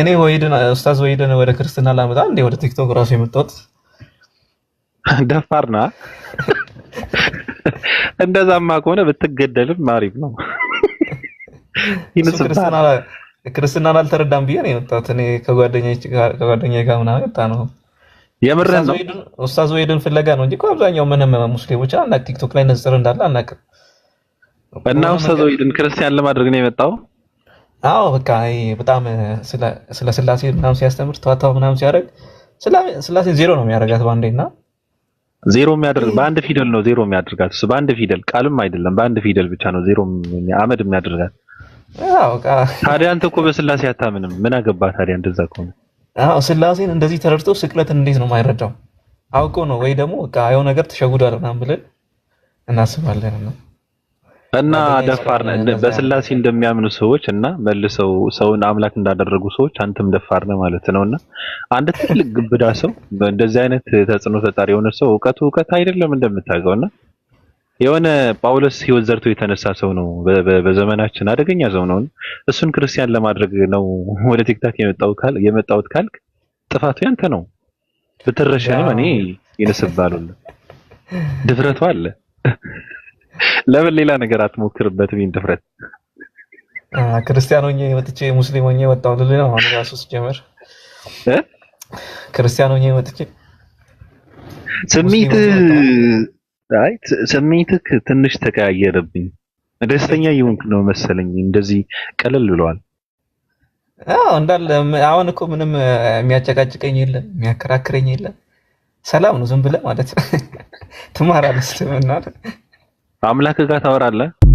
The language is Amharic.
እኔ ወሂድን ኡስታዝ ወሂድን ወደ ክርስትና ላመጣ እንዴ ወደ ቲክቶክ ራሱ የመጣሁት ደፋር ነዋ። እንደዛማ ከሆነ ብትገደልም ማሪፍ ነው። ክርስትናን አልተረዳም ብዬ ነው የመጣሁት እኔ ከጓደኛ ጋር ምናምን የመጣ ነው። የምርህን ነው? ኡስታዝ ወሂድን ፍለጋ ነው እንጂ እኮ አብዛኛው ምንም ሙስሊሞች አናውቅ ቲክቶክ ላይ ንጽር እንዳለ አናቅም። እና ኡስታዝ ወይድን ክርስቲያን ለማድረግ ነው የመጣው አዎ በቃ በጣም ስለ ስላሴ ምናምን ሲያስተምር ተዋታው ምናምን ሲያደርግ ስላሴ ዜሮ ነው የሚያደርጋት በአንዴ እና ዜሮ የሚያደርግ በአንድ ፊደል ነው ዜሮ የሚያደርጋት እሱ በአንድ ፊደል ቃልም አይደለም በአንድ ፊደል ብቻ ነው ዜሮ አመድ የሚያደርጋት ታዲያ አንተ እኮ በስላሴ አታምንም ምን አገባ ታዲያ እንደዛ ከሆነ አዎ ስላሴን እንደዚህ ተረድቶ ስቅለትን እንዴት ነው የማይረዳው አውቆ ነው ወይ ደግሞ በቃ የሆነ ነገር ተሸጉዷል ምናምን ብለን እናስባለን ነው እና ደፋር በስላሴ እንደሚያምኑ ሰዎች እና መልሰው ሰውን አምላክ እንዳደረጉ ሰዎች አንተም ደፋር ነህ ማለት ነውና፣ አንድ ትልቅ ግብዳ ሰው እንደዚህ አይነት ተጽዕኖ ፈጣሪ የሆነ ሰው እውቀቱ እውቀት አይደለም እና የሆነ ጳውሎስ ህይወት ዘርቶ የተነሳ ሰው ነው። በዘመናችን አደገኛ ሰው ነው። እሱን ክርስቲያን ለማድረግ ነው ወደ ቲክታክ የመጣሁት ካልክ ጥፋቱ ያንተ ነው። ብትረሻም እኔ ይነስባሉ ድፍረቱ አለ ለምን ሌላ ነገር አትሞክርበት? ቢን ድፍረት ክርስቲያን ሆኜ ወጥቼ ሙስሊም ሆኜ ወጣሁ ልልህ ነው። አሁን ራሱ ስጀምር ክርስቲያን ሆኜ ወጥቼ ስሜት አይ ስሜትህ ትንሽ ተቀያየረብኝ። ደስተኛ የሆንክ ነው መሰለኝ። እንደዚህ ቀለል ብለዋል። አዎ እንዳለ አሁን እኮ ምንም የሚያጨቃጭቀኝ የለም፣ የሚያከራክረኝ የለም። ሰላም ነው ዝም ብለህ ማለት ነው። ትማራለህ እስልምና አምላክ ጋር ታወራለህ